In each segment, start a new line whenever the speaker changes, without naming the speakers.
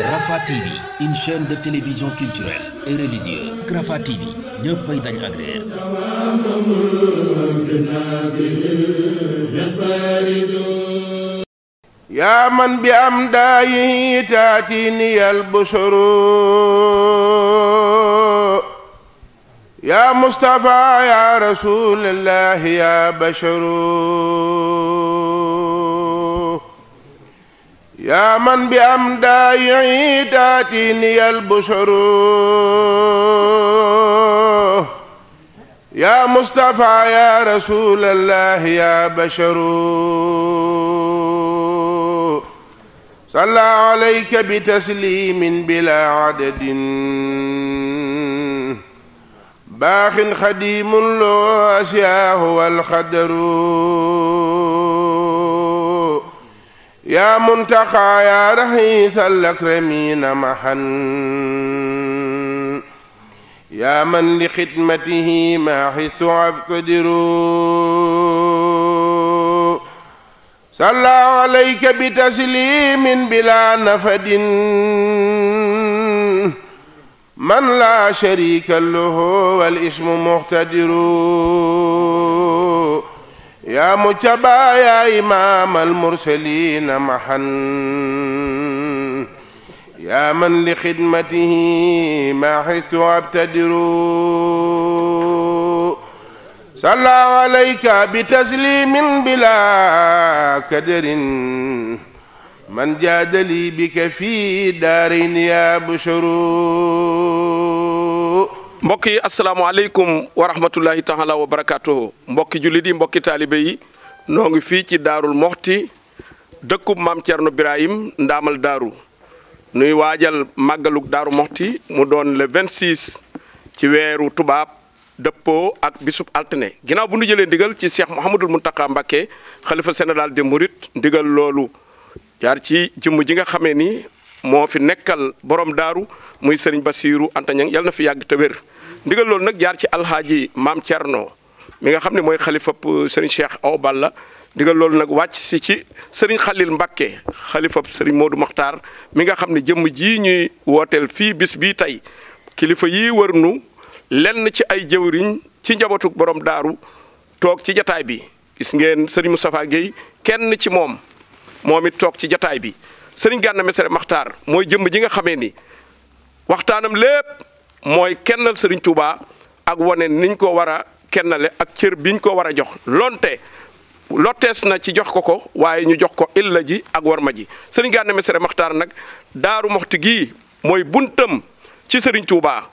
Rafah TV une chaîne de télévision culturelle et religieuse Rafah TV ñëppay dañ agréer
yaa man bi am daayi al bushuru يا مصطفى يا رسول الله يا بشر يا من بأمداعي تأتيني البشر يا مصطفى يا رسول الله يا بشر صلى عليك بتسليم بلا عدد baax xadiim loo asiyaahu walxadaru yaa muntaxaa yaa raxiis alakramiina maxan yaa man li xidmatihi ma xistu abtadiru salla alayka bi tasliimin bilaa nafadin man laa sharika lahu wal ismu muqtadiru yaa mujtaba yaa imaam al mursaliina mahan yaa man li xidmatihi maa xistu abtadiru salla alayka bi taslimin bila kadarin man jaadali bika fii daarin yaa bushuru
mbokk yi asalaamaaleykum wa rahmatullahi taala wa barakaatuhu mbokki jullit yi mbokki taalibe yi noo ngi fii ci daarul moxti dëkkub maam Thierno Birahim ndaamal daaru nuy waajal màggalug daaru moxti mu doon le 26 ci weeru tubaab dëppoo ak bisub altine ginnaaw bu nu jëlee ndigal ci Cheikh Mouhamadul Mountakha Mbacké xalifa général des mourides ndigal loolu jaar ci jëmm ji nga xamee ni moo fi nekkal borom daaru muy sëriñ Basiiru Anta Ñang yal na fi yàgg te wér ndigal loolu nag jaar ci alxaaji maam Cerno mi nga xam ne mooy xalifa sëriñ Cheikh Awa Balla ndigal lool nag wàcc si ci sëriñ Xalil Mbàkke xalifa sëriñ Moodu Maxtaar mi nga xam ne jëmm jii ñuy wooteel fii bis bii tey kilifa yii wër nu lenn ci ay jëwriñ ci njabootu borom daaru toog ci jataay bi gis ngeen sëriñ Moustapha Guèye kenn ci moom moom it toog ci jataay bi sëriñ Gana Messere Maxtaar mooy jëmm ji nga xamee ni waxtaanam lépp mooy kennal sëriñ Touba ak wane niñ ko war a kennale ak cër biñ ko war a jox lonte lottees na ci jox ko ko waaye ñu jox ko illa ji ak warma ji sëriñ Gana Messere Maxtaar nag daaru moxti gii mooy buntam ci sëriñ Touba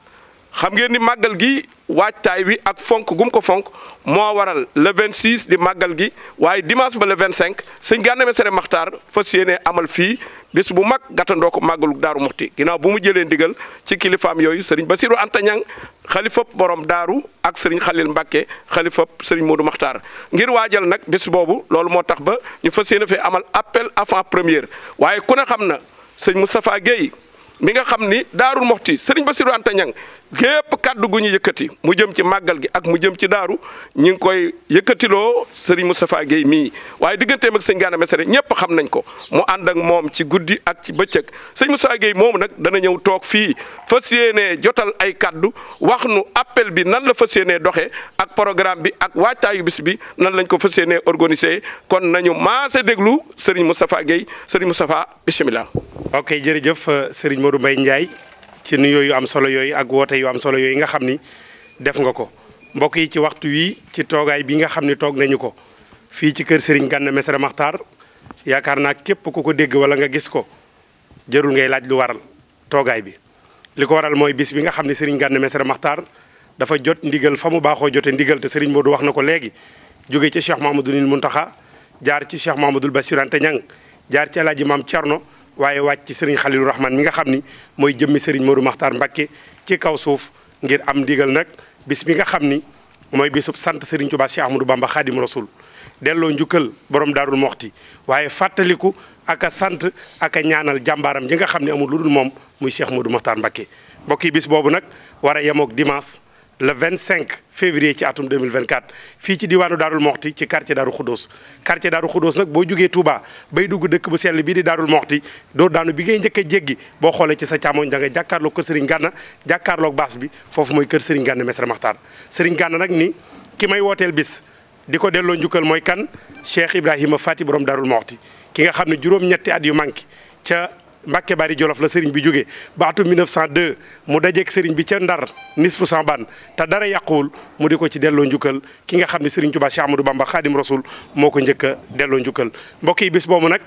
xam ngeen ni màggal gi waajtaay wi ak fonk gum ko fonk moo waral le 26 di màggal gi waaye dimanche ba le 25 sëñ Ganna Messere Maxtaar fas yéene amal fii bés bu mag gàttandoo ko màggalu daaru muxti ginaaw bu mu jëlee ndigal ci kilifaam yooyu sëriñ Basiru Anta Ñang borom daaru ak sëriñ Xalil Mbàkke xalifab sëriñ Moodu Maxtaar ngir waajal nag bés boobu loolu moo tax ba ñu fas yéene fee amal appel avant première waaye ku ne xam na sëñ Moustapha Guèye mi nga xam ni daarul moxti sëriñ Basiru Anta Ñang gépp kàddu gu ñu yëkkati mu jëm ci màggal gi ak mu jëm ci daaru ñu ngi koy yëkkatiloo Serigne Moustapha Guèye mii waaye digganteem mag sëñ Gana Messere ñëpp xam nañ ko mu ànd ak moom ci guddi ak ci bëccëg sëñ Moustapha Guèye moomu nag dana ñëw toog fii fas yéenee jotal ay kàddu wax nu appel bi nan la fas yéenee doxe ak programme bi ak waajtaayu bis bi nan lañ ko fas yéenee organisé kon nañu maase déglu Serigne Moustapha Guèye Serigne Moustapha
bisimilah. ok jërëjëf Serigne Modou Mbaye Ndiaye. ci nuyoo yu am solo yooyu ak woote yu am solo yooyu nga xam ni def nga ko mbokk yi ci waxtu wi ci toogaay bi nga xam ni toog nañu ko fii ci kër Serigne Ganna Messere Makhtar yaakaar naa képp ku ko dégg wala nga gis ko jërul ngay laaj lu waral toogaay bi li ko waral mooy bis bi nga xam ne Serigne Ganna Messere Makhtar dafa jot ndigal fa mu baaxoo jotee ndigal te Serigne Modou wax na ko léegi jóge ci Cheikh Mamadou Nil Muntaxa jaar ci Cheikh Mamadou Bassirante Niang jaar ci El Hadji Maam Thierno waaye wàcc ci sëriñ Xalilu Rahman mi nga xam ni mooy jëmmi sëriñ Modou Makhtar Mbacké ci kaw suuf ngir am ndigal nag bis bi nga xam ni mooy bisub sant sëriñ Tuubaa si Ahmadou Bamba Xaadim Rasul delloo njukkal borom daarul moxti waaye fàttaliku ak sant ak a ñaanal jàmbaaram ji nga xam ne amul lu dul moom muy Cheikh Modou Makhtar Mbacké mbokk yi bis boobu nag war a yemoog dimaas le 25 février ci atum 2024 fii ci diwaanu Daarul Moxti ci quartier Daaru Xudóos quartier Daaru Xudóos nag boo jugee Touba bay dugg dëkk bu sell bii di Daarul Moxti doo daanu bi ngay njëkk a jéggi boo xoolee ci sa càmmoñ da nga jàkkaarloog kër Serigne Ganna jàkkaarloog baas bi foofu mooy kër Serigne Ganna Messere Maxtaar Serigne Ganna nag ni ki may wooteel bis di ko delloo njukkal mooy kan Cheikh Ibrahima Fati borom Daarul Moxti ki nga xam ne juróom-ñetti at yu manqué ca. Mbàkke Bari Jolof la sëriñ bi jógee ba atum 1902 mu dajeeg sëriñ bi ca Ndar nisfu samban te dara yàquwul mu di ko ci delloo njukkal ki nga xam ne sëriñ Tuubaa Cheikh Amadou Bamba Xaadim Rasul moo ko njëkk delloo njukkal mbokk yi bis boobu nag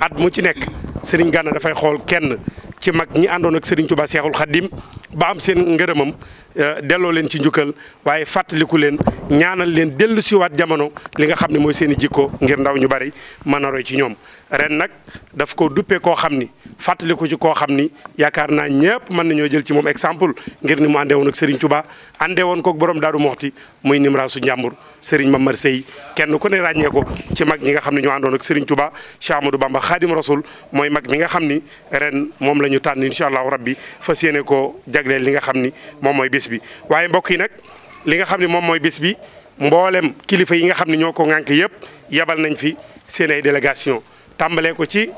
at mu ci nekk sëriñ Gana dafay xool kenn ci mag ñi àndoon ak sëriñ Tuubaa Seexul Xaddim ba am seen ngërëmam euh, delloo leen ci njukkal waaye fàttaliku leen ñaanal leen dellu siwaat jamono li nga xam ne mooy seen i jikko ngir ndaw ñu bari mën a ci ñoom ren nag daf ko duppee koo xam ni fàttali ko ci koo xam ni yaakaar naa ñëpp mën nañoo jël ci moom exemple ngir ni mu àndee woon ak Serigne Touba àndee woon kook borom Daaru Moxti muy Nimraasu Njàmbur Serigne Mamar Sey kenn ku ne ràññee ko ci mag ñi nga xam ne ñoo àndoon ak Serigne Touba Cheikh Amadou Bamba Khadim Rasoul mooy mag mi nga xam ni ren moom la ñu tànn incha allahu rabbi fas yéene koo jagleel li nga xam ni moom mooy bés bi waaye mbokk yi nag li nga xam ne moom mooy bis bi mboolem kilifa yi nga xam ne ñoo ko ŋànk yëpp yebal nañ fi seen délégation tàmbalee ko ci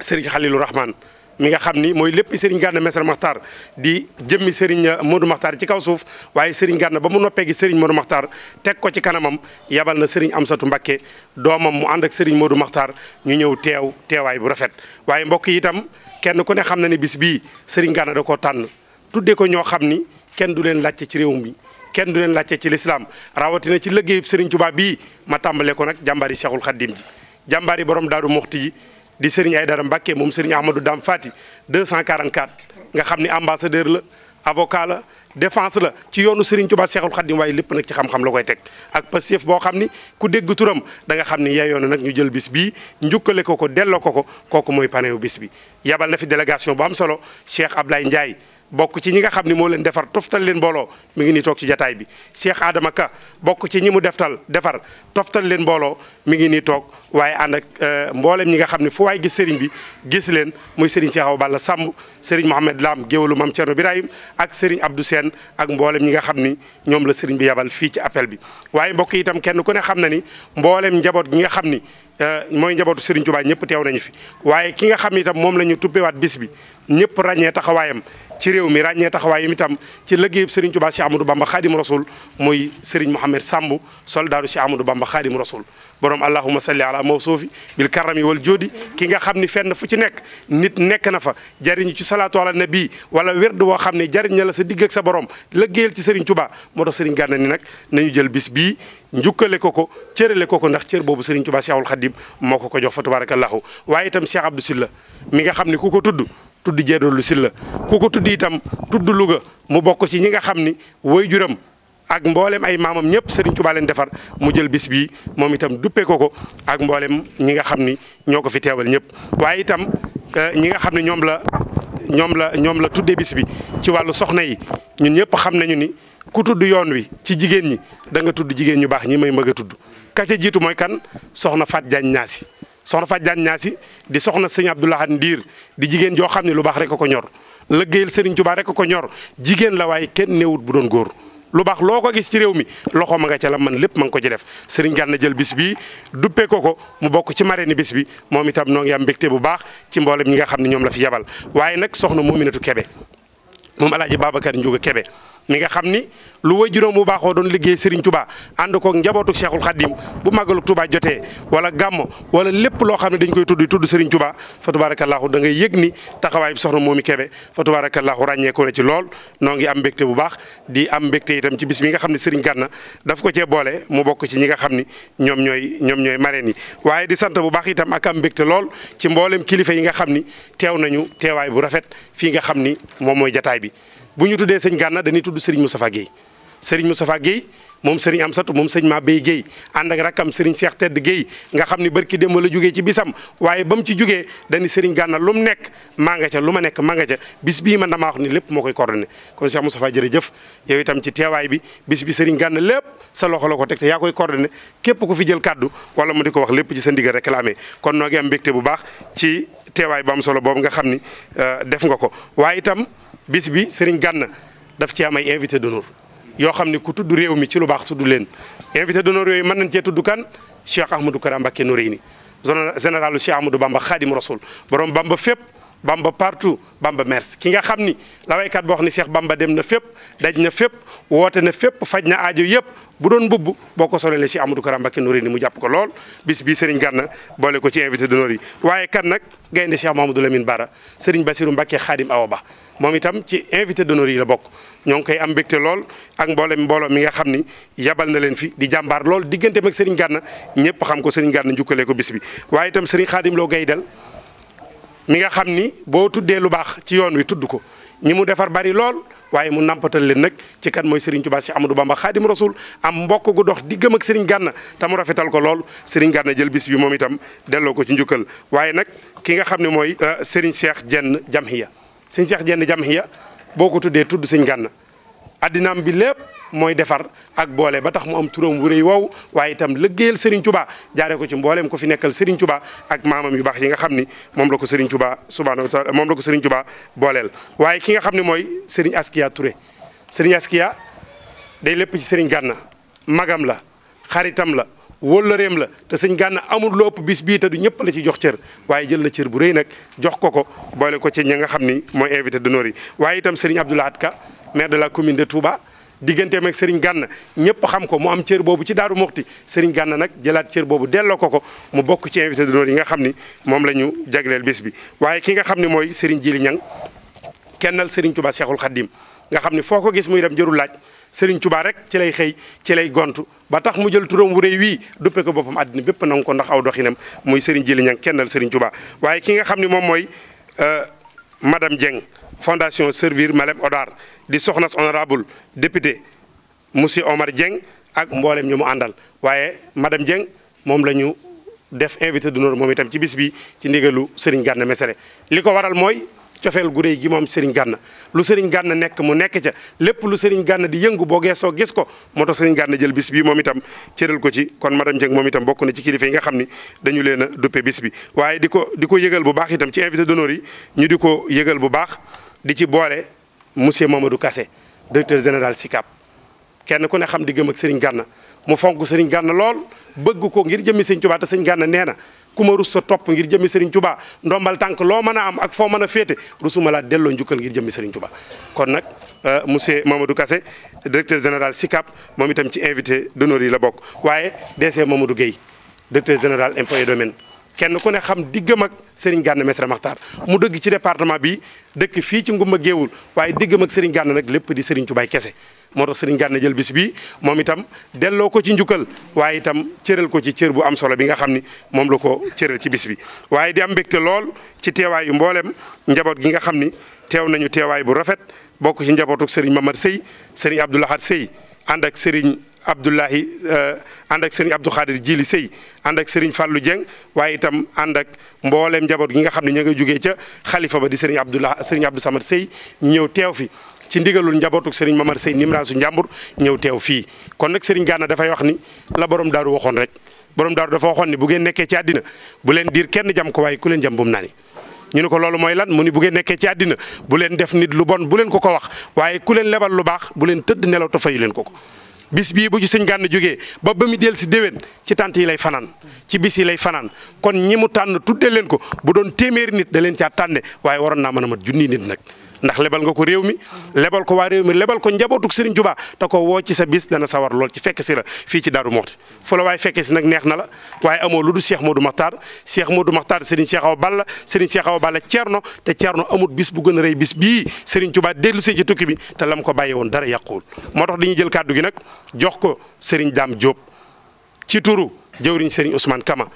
Serigne Khalilou Rahman mi nga xam ni mooy lépp Serigne Gana Messere Makhtar di jëmmi Serigne Modou Makhtar ci kaw suuf waaye Serigne ganna ba mu noppee gi Serigne Modou Makhtar teg ko ci kanamam yabal na Serigne Amsatou Mbacké doomam mu àndak ak Serigne Modou Makhtar ñu ñëw teew teewaay bu rafet. waaye mbokk yi itam kenn ku ne xam na ne bis bii Serigne ganna da koo tànn tuddee ko ñoo xam ni kenn du leen laajte ci réew mi. kenn du leen laajte ci lislaam rawatina ci liggéeyub Serigne Touba bii ma tàmbalee ko nag jàmbaari Cheikhul Khadim ji jàmbaari borom Daaru Muxti ji di ay Aïdara Mbacké moom amadu Serigne Ahmadou Dame Fati 244 nga xam ni ambassadeur la avocat la défense la ci yoonu Serigne Touba Seexul Xaddim waaye lépp nag ci xam-xam la koy teg ak pasif boo xam ni ku dégg turam da nga xam ni yeyoon na nag ñu jël bis bi njukkale ko ko delloo ko ko kooku mooy panéwu bis bi yabal na fi délégation bu am solo Cheikh Ablaye Ndiaye bokk ci ñi nga xam ne moo leen defar toftal leen mbooloo mu ngi nii toog ci jataay bi Cheikh Adama Ka bokk ci ñi mu deftal defar toftal leen mbooloo mi ngi nii toog waaye ànd ak euh, mboolem ñi nga xam ne fu gis sëriñ bi gis leen muy sëriñ Cheikh Awa Balla Samb sëriñ Mohamed Lam géwalu Mam Thierno Birahim ak sëriñ Abdou seen ak mboolem ñi nga xam ni ñoom la seriñ bi yabal fii ci appel bi waaye mbokk yi itam kenn ku ne xam na ni mbooleem njaboot gi nga xam ni euh, mooy njabootu Serigne Touba ñëpp teew nañu fi waaye ki nga xam ne itam moom la ñu tuppewaat bis bi ñëpp ràññee taxawaayam ci réew mi ràññee taxawaayam itam ci liggéeyub Serigne Touba Cheikh Amadou Bamba Khadim Rasoul muy Serigne Mohamed Samb soldaaru Cheikh Amadou Bamba Khadim Rasoul borom allahuma salli ala mawsuufi bil karami wal joodi ki nga xam ni fenn fu ci nekk nit nekk na fa jariñu ci salaatu ala nabi wala werd woo xam ne jariñ la sa digg sa borom liggéeyal ci Serigne Touba moo tax Serigne Gana ni nag nañu jël bis bii njukkale ko ko cërale ko ko ndax cër boobu Serigne Touba Cheikhul Khadim moo ko ko jox fa tabarakallahu waaye itam Cheikh si la mi nga xam ne ku ko tudd tudd Diédou Sylla ku ko tudd itam tudd luga mu bokk ci ñi nga xam ni juram ak mboolem ay maamam ñëpp Serigne Touba leen defar mu jël bis bi moom itam duppe ko ko ak mboolem ñi nga xam ni ñoo ko fi teewal ñëpp waaye itam eh, ñi nga xam ne ñoom la ñoom la ñoom la tuddee bis bi ci wàllu soxna yi ñun ñëpp xam nañu ni ku tudd yoon wi ci jigéen ñi danga tudd jigéen ñu baax ñi may mëgg a tudd ka jiitu mooy kan soxna Fatou Diagne Niass soxna faj jaan ñaasi di soxna sëñ Abdoulahat diir di jigéen joo xam ne lu baax rek ko ñor lëggéeyal Serigne Touba rek ko ñor jigéen la waaye kenn newut bu doon góor lu baax loo ko gis ci réew mi loxo ma nga ca la man lépp ma nga ko ci def sëriñ Gana jël bis bi duppe ko ko mu bokk ci marraine bis bi moom itam noo ngi am mbégte bu baax ci mboolem ñi nga xam ne ñoom la fi yabal waaye nag soxna Mominatou Kébé moom alaaji Babacar Ndiouga Kébé mi nga xam ni lu way juróom bu baaxoo doon liggéey Serigne Touba ànd kook njabootu Cheikhul Khadim bu màggalu tubaa jotee wala gàmmo wala lépp loo xam ne dañ koy tudd tudd Serigne Touba fa tabaarakallaahu da ngay yëg ni taxawaay bi soxna Momy Kébé fa tabaarakallaahu ràññeekoo na ci lool noo ngi am mbégte bu baax di am mbégte itam ci bis mi nga xam ne Serigne Gana daf ko cee boole mu bokk ci ñi nga xam ni ñoom ñooy ñoom ñooy marraine yi waaye di sant bu baax itam ak am mbégte lool ci mboolem kilifa yi nga xam ni teew nañu teewaay bu rafet fii nga xam ni moom mooy jataay bi bu ñu tuddee sëñ Gànna dañuy tudd Serigne Moustapha Guèye Serigne Moustapha Guèye moom Serigne Amsatou moom sëñ Mabey Guèye ànd ak rakkam Serigne Cheikh Tedd Guèye nga xam ni barki démb la jóge ci bisam waaye ba mu ci jógee dañuy Serigne Gànna lu mu nekk maa nga ca lu ma nekk maa nga ca bis bii man damaa wax ni lépp moo koy coordonné kon Cheikh Moustapha jëf yow itam ci teewaay bi bis bi Serigne Gànna lépp sa loxo la ko teg te yaa koy coordonné képp ku fi jël kàddu wala mu di ko wax lépp ci sa ndigal rek kon noo ngi am bu baax ci teewaay bu am solo boobu nga xam ni euh, def nga ko bis bi Serigne Gana daf ci am ay invité d'honneur yoo xam ne ku tudd réew mi ci lu baax tudd leen invité d'honneur yooyu man nañ cee tudd kan Cheikh Ahmadou Kara Mbacké Noreyni généralu Cheikh Ahmadou Bamba Khadim Rasoul borom Bamba fépp Bamba partout Bamba merci ki nga xam ni la waykat boo xam ne Cheikh Bamba dem na fépp daj na fépp woote na fépp faj na aajo yëpp bu doon mbubb boo ko solee si Amadou Kara Mbacké Noreyni mu jàpp ko lool bis bii Serigne Gana boole ko ci invité d'honneur yi waaye kan nag gaynde Cheikh Mahamadou Lamine Bara Serigne Bassirou Mbacké Khadim Awa Ba moom itam ci invité d'honneur yi la bokk ñoo ngi koy am mbégte lool ak mboolem mbooloo mi nga xam ni yabal na leen fi di jàmbaar lool diggante mag Serigne Gana ñëpp xam ko Serigne Gana njukkalee ko bis bi. waaye itam Serigne Khadim Lo Gaydel mi nga xam ni boo tuddee lu baax ci yoon wi tudd ko ñi mu defar bari lool. waaye mu nampatal leen nag ci kan mooy Serigne Touba si Amadou Bamba Xaadim Rasul am mbokk gu dox diggam ak sëriñ gànna te mu rafetal ko lool Serigne Gana jël bis bi moom itam delloo ko ci njukkal waaye nag ki nga xam ne mooy euh, Serigne Cheikh Jenn Jamhiya sëñ Cheikh Diène Jamhiya boo ko tuddee tudd sëñ Gana addinaam bi lépp mooy defar ak boole ba tax mu am turam wu yi wow waaye itam lëggéeyal Serigne Touba jaaree ko ci mbooleem ko fi nekkal Serigne Touba ak maamam yu baax yi nga xam ni moom la ko Serigne Touba subhaanahu wa taala moom la ko Serigne Touba booleel. waaye ki nga xam ne mooy Serigne Askia Touré Serigne Askia day lépp ci Serigne Gana magam la xaritam la. wóllëreem la te sëñ gànna amul lopp bis bii te du ñëpp la ci jox cër waaye jël na cër bu rëy nag jox ko ko boole ko ci ña nga xam ni mooy invité d'honneur yi waaye itam sëriñ Abdou Lahad Ka maire de la commune de Touba digganteem ak sëriñ gànna ñëpp xam ko mu am cër boobu ci daaru moxti sëriñ gànna nag jëlaat cër boobu delloo ko ko mu bokk ci invité d'honneur yi nga xam ni moom la ñu jagleel bis bi waaye ki nga xam ne mooy sëriñ Jili Ñang kennal sëriñ Touba Seexul Xaddim nga xam ni foo ko gis muy dem jërul laaj Serigne Touba rek ci lay xëy ci lay gont ba tax mu jël turam wu rëy wii duppe ko boppam àddina bépp nangu ko ndax aw doxinam muy Serigne Jili Ñang kennal Serigne Touba waaye ki nga xam ne moom mooy euh, madam Dieng fondation servir Malem Odar di soxnas honorable député monsieur Omar Dieng ak mboolem ñu mu àndal waaye madame jëng moom la ñu def invité d'honneur moom itam ci bis bi ci ndigalu Serigne Gana Messere li ko waral mooy. cofeel gu gi moom sëriñ gànna lu sëriñ gànna nekk mu nekk ca lépp lu sëriñ gànna di yëngu boo geesoo gis ko moo tax sëriñ gànna jël bis bi moom itam cëral ko ci kon madame Dieng moom itam bokk na ci kilifa yi nga xam ni dañu leen a duppe bis bi waaye di ko di ko yëgal bu baax itam ci invité d'honneur yi ñu di ko yëgal bu baax di ci boole monsieur Mamadou kase directeur général SICAP kenn ku ne xam di gëm ak sëriñ gànna mu fonk sëriñ gànna lool bëgg ko ngir jëmmi sëriñ Tuubaa te sëriñ gànna nee na kuma ma rus sa topp ngir jëmmi Serigne Touba ndombal tànk loo mën a am ak foo mën a féete rusuma laa delloo njukkal ngir jëmmi Serigne Touba kon nag euh, monsieur Mamadou kase directeur général SICAP moom itam ci invité d'honneur yi la bokk waaye DC Mamadou Guèye directeur général impôts et domaines kenn ku ne xam diggam ak Serigne gann Messere Makhtar mu dëgg ci département bi dëkk fii ci Ngumba Géewul waaye diggam ak Serigne gann nag lépp di Serigne Touba kese moo tax sëriñ Gana jël bis bi moom itam delloo ko ci njukkal waaye itam cëral ko ci cër bu am solo bi nga xam ni moom la ko cëral ci bis bi waaye di am lool ci teewaayu mbooleem njaboot gi nga xam ni teew nañu teewaay bu rafet bokk ci njabootuk sëriñ Mamar Sey sëriñ Abdou Lahad Sey ànd ak sëriñ Abdoulahi euh, ànd ak sëriñ Abdou Khadir Jili Sey ànd ak sëriñ Fallou Dieng waaye itam ànd ak mbooleem njaboot gi nga xam ne ñu nga jógee ca xalifa ba di sëriñ Abdoulah sëriñ Abdou Samad Sey ñëw teew fi ci ndigalul njabootuk Serigne Mamar Sey Nimraasu Njàmbur ñëw teew fii kon nag Serigne Gana dafay wax ni la borom daaru waxoon rek borom daaru dafa waxoon ni bu ngeen nekkee ci àddina bu leen diir kenn jam ko waaye ku leen jam bu mu nani ñu ne ko loolu mooy lan mu ni bu ngeen nekkee ci àddina bu leen def nit lu bon bu leen ko ko wax waaye ku leen lebal lu baax bu leen tëdd nelaw te fayu leen ko ko bis bii bu ci sëñ Gana jógee ba ba mu del si déwén ci tànt yi lay fanaan ci bis yi lay fanaan kon ñi mu tànn tuddee leen ko bu doon téeméeri nit da leen caa tànne waaye waroon naa mën a mat junni nit nag ndax lebal nga ko réew mi lebal ko waa lebal ko njabootuk Serigne Touba te ko woo ci sa bis dana sawar lool ci fekk si la fii ci Darou Mouhty fu la waaye fekke si nag neex na la waaye amoo lu du Cheikh Modou Makhtar Cheikh Modou Makhtar Serigne bal la Balla Serigne Cheikh Awa Balla Thierno te Thierno amut bis bu gën a rey bis bii Serigne Touba dellu see ci tukki bi te lam ko bàyyi woon dara yàquwul moo tax dañuy jël kàddu gi nag jox ko sëriñ daam jóob ci turu jëwriñ Serigne Ousmane Kama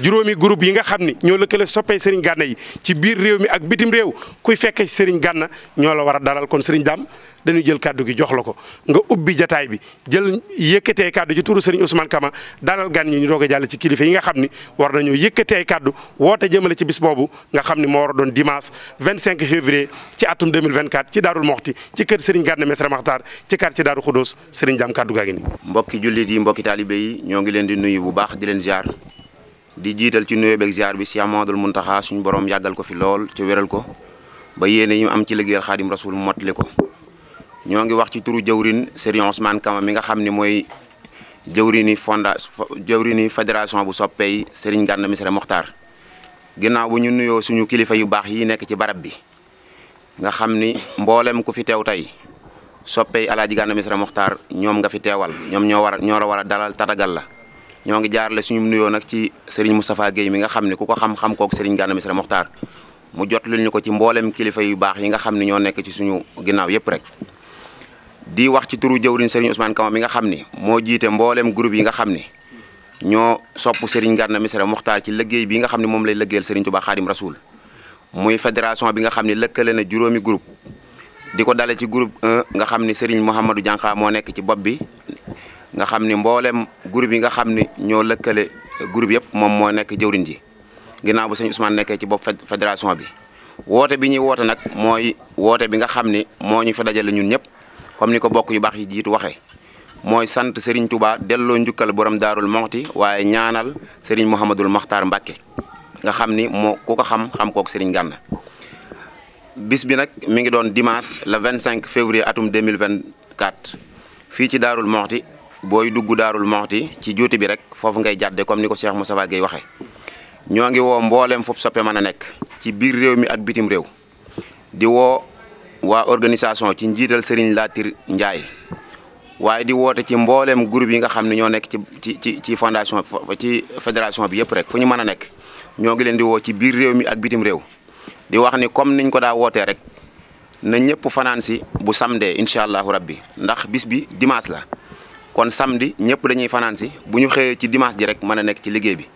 juróomi groupe yi nga xam ni ñoo lëkkale soppee sëriñ gànna yi ci biir réew mi ak bitim réew kuy fekkee sëriñ gànna ñoo la war a dalal kon sëriñ daam dañuy jël kàddu gi jox la ko nga ubbi jataay bi jël yëkkatee kàddu ci turu sëriñ Ousmane Kama dalal gan ñi ñu doog a jàll ci kilifa yi nga xam ni war nañoo yëkkatee kàddu woote jëmale ci bis boobu nga xam ni moo war a doon dimanche 25 février ci atum 2024 ci Daarul Moxti ci kër sëriñ Gànna Mesra
Maxtaar ci quartier Daaru Xudóos sëriñ Daam kàddu gaa ngi nii. mbokki jullit yi mbokki taalibe yi ñoo ngi leen di nuyu bu baax di leen di jiital ci nuyoo beeg ziar bi Cheikh mun Mountakha suñu borom yàggal ko fi lool ci wéral ko ba yéene yi mu am ci liggéeyal Xaadim Rasul mottali ko ñoo ngi wax ci turu jëwrin Serigne Ousmane Kama mi nga xam ni mooy jëwrini fonda jëwrini fédération bu soppey Serigne Gana Messere Mokhtar ginnaaw bu ñu nuyoo suñu kilifa yu baax yi nekk ci barab bi nga xam ni mboolem ku fi teew tey soppey Alaaji Gana Messere Mokhtar ñoom nga fi teewal ñoom ñoo war ñoo la war a dalal tatagal la ñoo ngi jaarale suñu nuyoo nag ci Serigne Moustapha Guèye mi nga xam ne ku ko xam-xam kook Serigne Gana Messere Mokhtar mu jot lu ñu ko ci mboolem kilifa yu baax yi nga xam ne ñoo nekk ci suñu ginnaaw yëpp rek di wax ci turu jëwriñ Serigne Ousmane Kama mi nga xam ni moo jiite mboolem groupe yi nga xam ni ñoo sopp Serigne Gana Messere Mokhtar ci liggéey bi nga xam ne moom lay liggéeyal Serigne Touba Khadim Rasoul muy fédération bi nga xam ne lëkkale na juróomi group di ko dale ci groupe nga xam ni Serigne Mouhamadou Dianka moo nekk ci bopp bi nga xam ni mboolem groupe yi nga xam ni ñoo lëkkale groupe yëpp moom moo nekk jëwriñ ji ginnaaw bu sëñ Ousmane nekkee ci bopp fédération bi woote bi ñuy woote nag mooy woote bi nga xam ni moo ñu fa dajale ñun ñëpp comme ni ko bokk yu baax yi jiitu waxee mooy sant Serigne Touba delloo njukkal borom daarul moxti waaye ñaanal seriñ Mouhamadul Makhtar mbake nga xam ni moo ku ko xam xam kook Serigne Gana bis bi nag mi ngi doon dimanche le 25 février atum 2024 fii ci daarul moxti booy dugg daarul moxti ci juuti bi rek foofu ngay jàdde comme ni ko Cheikh Moustapha Gueye waxe ñoo ngi woo mboolem foofu soppe mën a nekk ci biir réew mi ak bitim réew di woo waa organisation ci njiital Serigne Latir Ndiaye waaye di woote ci mboolem groupe yi nga xam ne ñoo nekk ci ci ci fondation ci fédération bi yëpp rek fu ñu mën a nekk ñoo ngi leen di woo ci biir réew mi ak bitim réew di wax ni comme niñ ko daa wootee rek na ñëpp fanaan si bu samedi incha allahu rabbi ndax bis bi dimanche la kon samedi ñëpp dañuy fanaan si bu ñu xëyee ci dimance ji rek mën a nekk ci liggéey bi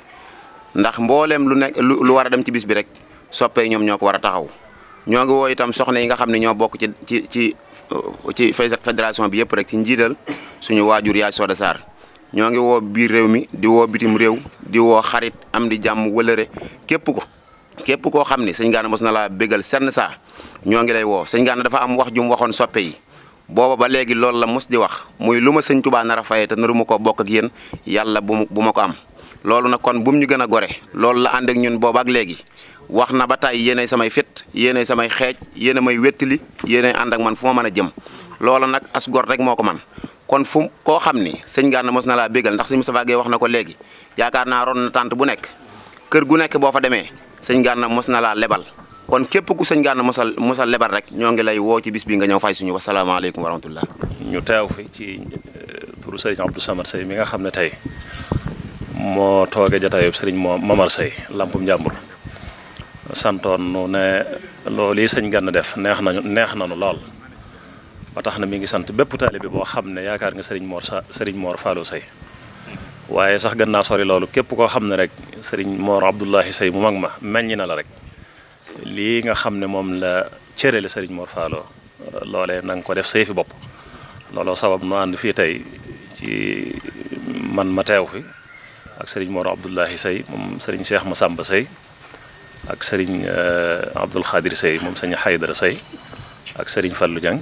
ndax mbooleem lu nekk lu war a dem ci bis bi rek soppee ñoom ñoo ko war a taxaw ñoo ngi woo itam soxna yi nga xam ne ñoo bokk ci ci ci uh, ci fédération bi yëpp rek ci njiital suñu waajur yaay Soda Sarr ñoo ngi woo biir réew mi di woo bitim réew di woo xarit am di jàmm wëlëre képp ko képp koo xam ne sëñ Gana mos na laa bégal senn saa ñoo ngi lay woo sëñ Gana dafa am wax ju mu waxoon soppe yi booba ba léegi loolu la mos di wax muy lu ma sëñ Tuubaa nar a fayee te naru ma koo bokk ak yéen yàlla bu mu bu ma ko am loolu nag kon bum mu ñu gën a gore loolu la ànd ak ñun booba léegi wax na ba tàyyi yéenay samay fit yéenay samay xeej yéen a may wettili yéenay ànd ak man fu ma mën a jëm loolu nag as gor rek moo ko man kon fu koo xam ni sëñ Gana mos na laa bégal ndax sëñ Moustapha Gueye wax na ko léegi yaakaar naa ron na tànt bu nekk kër gu nekk boo fa demee sëñ Gana mos na laa lebal kon képp ku sëñ Gana mosal mosal lebar rek ñoo ngi lay woo ci bis bi nga ñëw fay suñu wasalaamaaleykum wa rahmatullah
ñu teew fi ci pour euh, sëriñ Abdou Samad Seye mi nga xam ne tey moo tooge jotaayu sëriñ moo Mamar Seye lampum njàmbur santoon nu ne loolu sëñ Gana def neex nañu neex nañu lool ba tax na mi ngi sant bépp taalibe boo xam ne yaakaar nga sëriñ Mor sa sëriñ moor Fallou Seye waaye sax gën naa sori loolu képp koo xam ne rek sëriñ Mor Abdoulahi Seye mu mag ma meññ na la rek lii nga xam ne moom la cërale sëriñ Mor Fallou loolee na nga ko def sayfi bopp looloo sabab nu ànd fii tey ci man ma teew fi ak sëriñ Mor Abdoulahi Sey moom seex ma Massamba Sey ak sëriñ euh, Abdoul Khadir Sey moom sañ Haydara Sey ak sëriñ Fallou jang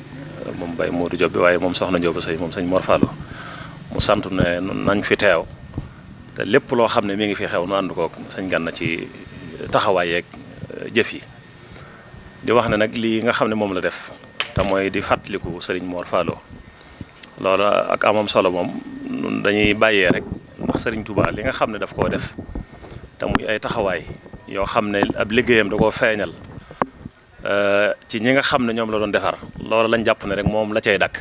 moom bay Modou Diop bi waaye moom soxna Diop Sey moom sëñ Mor mu sant ne nañ fi teew te lépp loo xam ne mi ngi fi xew nu ànd kook sëñ Gana ci taxawaay yeeg jëf yi di wax ne nag lii nga xam ne moom la def te mooy di fàttaliku sëriñ Mor Fallo loolu ak amam solo moom dañuy bàyyee rek ndax sëriñ Touba li nga xam ne daf koo def te muy ay taxawaay yoo xam ne ab liggéeyam da koo feeñal eh, ci ñi nga xam ne ñoom la doon defar loolu lañ jàpp ne rek moom la cay dakk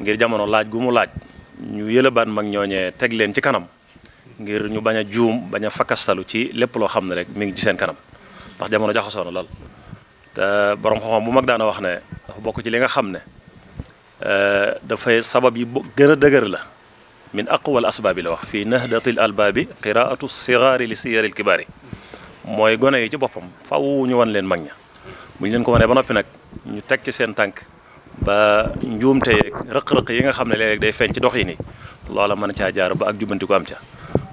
ngir jamono laaj gu mu laaj ñu yëlëbaan mag ñooñee teg leen ci kanam ngir ñu bañ a juum bañ a fakkastalu ci lépp loo xam ne rek mi ngi ci seen kanam ndax jamono jaxasoo na lool te borom xam-xam bu mag daana wax ne dafa bokk ci li nga xam ne eh, dafay sabab yi gën a dëgër la min aqwal asbaabi la wax fii nahdatil albaabi qiraatu sigaari li siyari yi mooy gone yi ci boppam faw ñu wan leen mag ña bu ñu leen ko wanee ba noppi nag ñu teg ci seen tànk ba njuumte yeeg rëq-rëq yi nga xam ne léeg-léeg day feeñ ci dox yi nii loola mën a caa jaar ba ak jubbanti ko am ca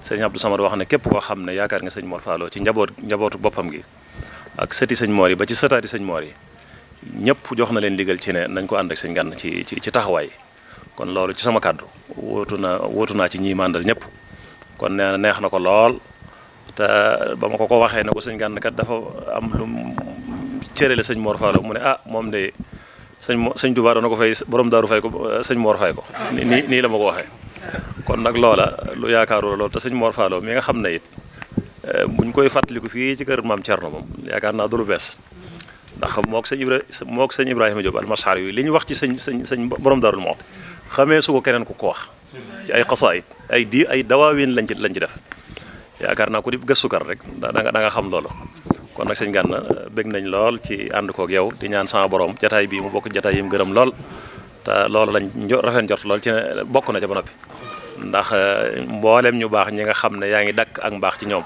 sëñ sama Samad wax ne képp koo xam ne yaakaar nga sëñ Mor Fallou ci njaboot njabootu boppam gi ak sëti sëñ Mor yi ba ci sëtaati sëñ Mor yi ñëpp jox na leen ndigal ci ne nañ ko ànd ak sëñ Gana ci ci ci taxawaay kon loolu ci sama kàddu wóotu na wóotu naa ci ñi màndal ñëpp kon neex na ko lool te ba ma ko ko waxee ne ko sëñ Gana kat dafa am lu la sëñ Mor Fallou mu ne ah moom de sëñ sëñ Touba doon na ko fay borom daaru fay ko sëñ moor fay ko nii nii la ma ko waxee kon nag loola lu yaakaaru loolu te sëñ Mor Fallo nga xam ne it eh, buñ koy fàttaliku fii ci kër maam Thierno moom yaakaar naa du lu bees ndax moog sëñ Ibra moog sëñ Ibrahima Diop almasar yooyu li ñu wax ci sëñ sëñ sëñ borom Darou Mouhty xamee su ko keneen ku ko wax ci ay xasaayit ay di ay dawaawin lañ ci lañ ci def yaakaar naa ko di gëstukar rek da nga da nga xam loolu kon nag sëñ Gana eh, bëgg nañ lool ci ànd koog yow di ñaan sama borom jataay bii mu bokk jataay yi mu gërëm lool te loolu lañ rafet jort lool ci bokk na ca ba noppi ndax euh, mboolem ñu baax ñi nga xam ne yaa ngi dakk ak mbaax ci ñoom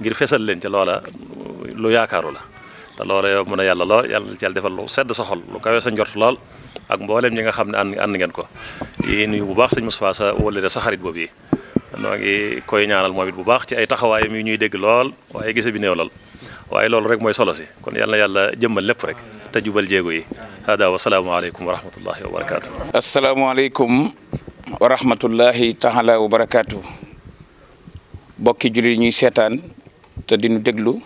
ngir fesal leen ca loola lu yaakaaru la te loola yow mën a yàlla lool yàlla na ci yàlla defal lu sedd sa xol lu kawe sa lool ak mboolem ñi nga xam ne ànd ànd ngeen ko yi nuyu bu baax sëñ Moustapha sa wëllëre sa xarit boobu yi noo ngi koy ñaanal moom it bu baax ci ay taxawaayam yi ñuy dégg lool waaye gise bi néew lool waaye loolu rek mooy solo si kon yàlla yàlla jëmmal lépp rek te jubal jéego yi hada wa salaamualeykum wa rahmatullahi wa barakaatu. asalaamualeykum wa rahmatullahi
bokki jullit ñuy seetaan te di nu déglu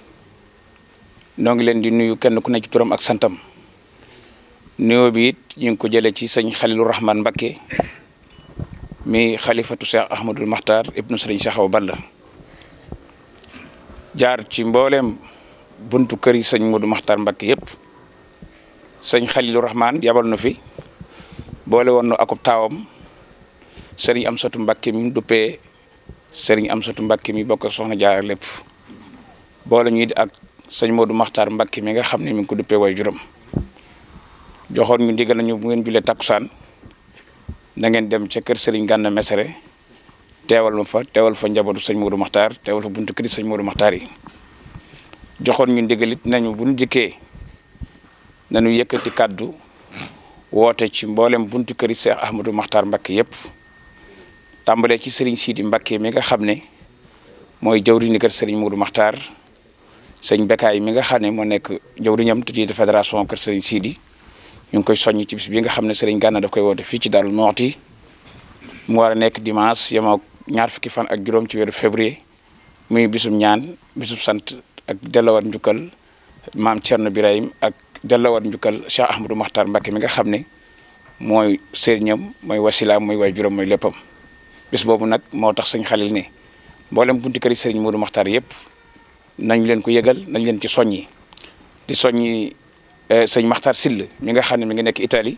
noo ngi leen di nuyu kenn ku ne ci turam ak santam nuyoo bi it ñu ngi ko jëlee ci sëñ Xalilu Rahman Mbakke mi xalifatu Cheikh Ahmadul Maxtaar ibnu sëriñ Cheikh Awa jaar ci mbooleem buntu kër yi sëñ Modou Maxtaar Mbakke yépp sëñ Xalilu Rahman yabal na fi boole woon na akub taawam sëriñ Amsatu Mbàkke mi duppee sëriñ Amsatu Mbàkke mi bokk soxna Jaara lépp boole ñuy ak sëñ Modou Maxtaar mbaki mi nga xam ne mi ngi ko duppee way juróom joxoon ñu digal nañu bu ngeen julee takkusaan na ngeen dem ca kër sëriñ Gànna Mesere teewal fa teewal fa njabootu sëñ Modou Maxtaar teewal fa buntu sëñ Modou Maxtaar yi joxoon ñu ndigalit nañu bu ñu jikkee nañu yëkkati kàddu woote ci mboolem buntu këri Cheikh Ahmadou Makhtar Mbacké yëpp tàmbalee ci Serigne Sidi Mbacké mi nga xam ne mooy jawriñu kër Serigne Modou Makhtar sëñ Bekaay mi nga xam ne moo nekk jawriñam te jiite fédération kër Serigne Sidi ñu ngi koy soññ ci bis bi nga xam ne sëriñ ganna daf koy woote fii ci Darou Mouhty mu war a nekk dimanche yemoo ñaar fukki fan ak juróom ci weeru février muy bisum ñaan bisum sant ak delloowaat njukkal maam Thierno Birahim delloowaat njukkal Cheikh Ahmadou Makhtar mbake mi nga xam ne mooy sëriñam mooy wasilaam mooy waay juróom mooy léppam boobu nag moo tax sëñ Xalil ne mboolem bunti kër yi sëriñ Modou Makhtar yëpp nañ leen ko yegal nañ leen ci soññi di soññi eh, sëñ Makhtar Sill mi nga xam ne mi ngi nekk Italie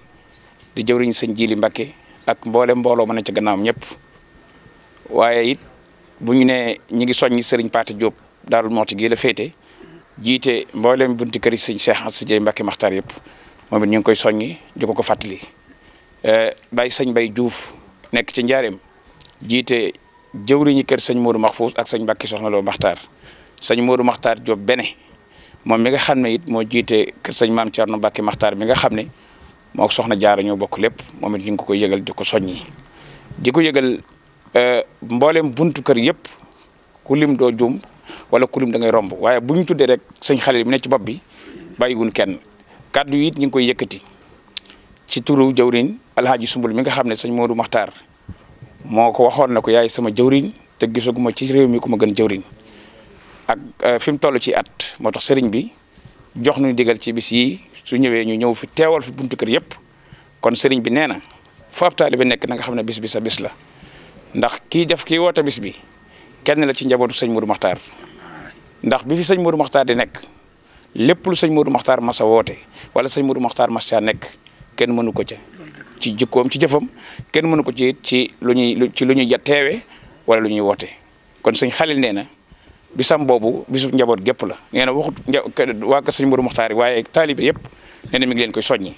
di jëwriñ sëñ Jili mbake ak mboolem mbooloo mën na ci gannaawam ñëpp waaye it bu ñu nee ñi ngi soññi sëriñ Paate Diop daarul mooti gii la féete jiite mboolem bunti kër yi sëñ Cheikh Assa Dieye Mbacké Makhtar yëpp moom it ñu ngi koy soññi di ko ko fàttali eh, Baye sañ Baye juuf nekk ci njaareem jiite jëwriñu kër sëñ max Mahfouz ak sëñ Mbacké Soxna loo Makhtar sëñ Modou Makhtar Diop bene moom mi nga xam ne it moo jiite kër sëñ Maam Thierno Mbacké Makhtar mi nga xam ne moo soxna jaara bokk lépp moom it ñu ngi ko koy yëgal di ko soññi di ko yëgal eh, mboolem buntu kër yëpp ku lim doo juum wala kulim da ngay romb waaye bu ñu tuddee rek sëñ Xalil mi ne ci bopp bi bàyyiwun kenn kàddu yi it ñu ngi koy yëkkati ci turu jawriñ alhaaji sumbul mi nga xam ne sëñ Modou Maxtaar moo ko waxoon na ko yaay sama jawriñ te gisaguma ci réew mi ku ma gën jawriñ ak euh, fi mu toll ci at moo tax sëriñ bi jox nu digal ci bis yi su ñëwee ñu ñëw fi teewal fi buntu kër yëpp kon sëriñ bi nee na foofu bi nekk na nga xam ne bis bi sa bis la ndax kii def ki woote bis bi kenn la ci njabootu sëñ Modou Maxtaar ndax bi fi sëñ Modou Makhtar di nekk lépp lu sëñ Modou Makhtar mas a woote wala sëñ Modou maxtaar mas nekk kenn mënu ko ca ci jikkoom ci jëfam kenn mënu ko ci ci lu ñuy ci lu ñuy teewe wala lu ñuy woote kon sëñ Xalil nee na bisam boobu bisu njaboot gépp la nee na waxut waa kër sëñ Modou Makhtar waaye taalibe yëpp nee na mi ngi leen koy soññi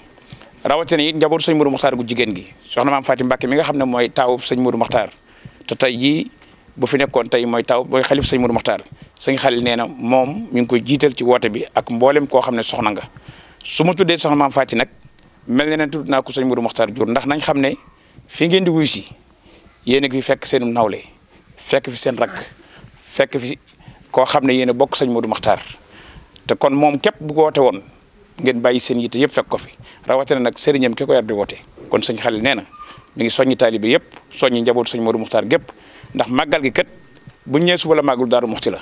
rawatina it njaboot sëñ Modou Makhtar gu jigéen gi soxna maam Fatim Mbacke mi nga xam ne mooy taawu sëñ Modou Makhtar bu fi nekkoon tey mooy taw mooy xalif sañ Mourou Maxtaar sëñ Xalil nee na moom mi ngi koy jiital ci woote bi ak mboolem koo xam ne soxna nga su ma tuddee soxna maam Faati nag mel na ne tudd naa ko sëñ Mourou Maxtaar jur ndax nañ xam ne fi ngeen di wuy si yéen a ngi fekk seen nawle fekk fi seen rakk fekk fi koo xam ne yéen a bokk sëñ Mourou Maxtaar te kon moom képp bu ko woote woon ngeen bàyyi seen yitte yëpp fekk ko fi rawatina nag sëriñam ki ko yar di woote kon sëñ Xalil nee na mi ngi soññi taalibe yëpp soññi njabootu sëñ Mourou Maxtaar gépp ndax màggal gi kat bu ñëwee suba la màggul daaru muxti la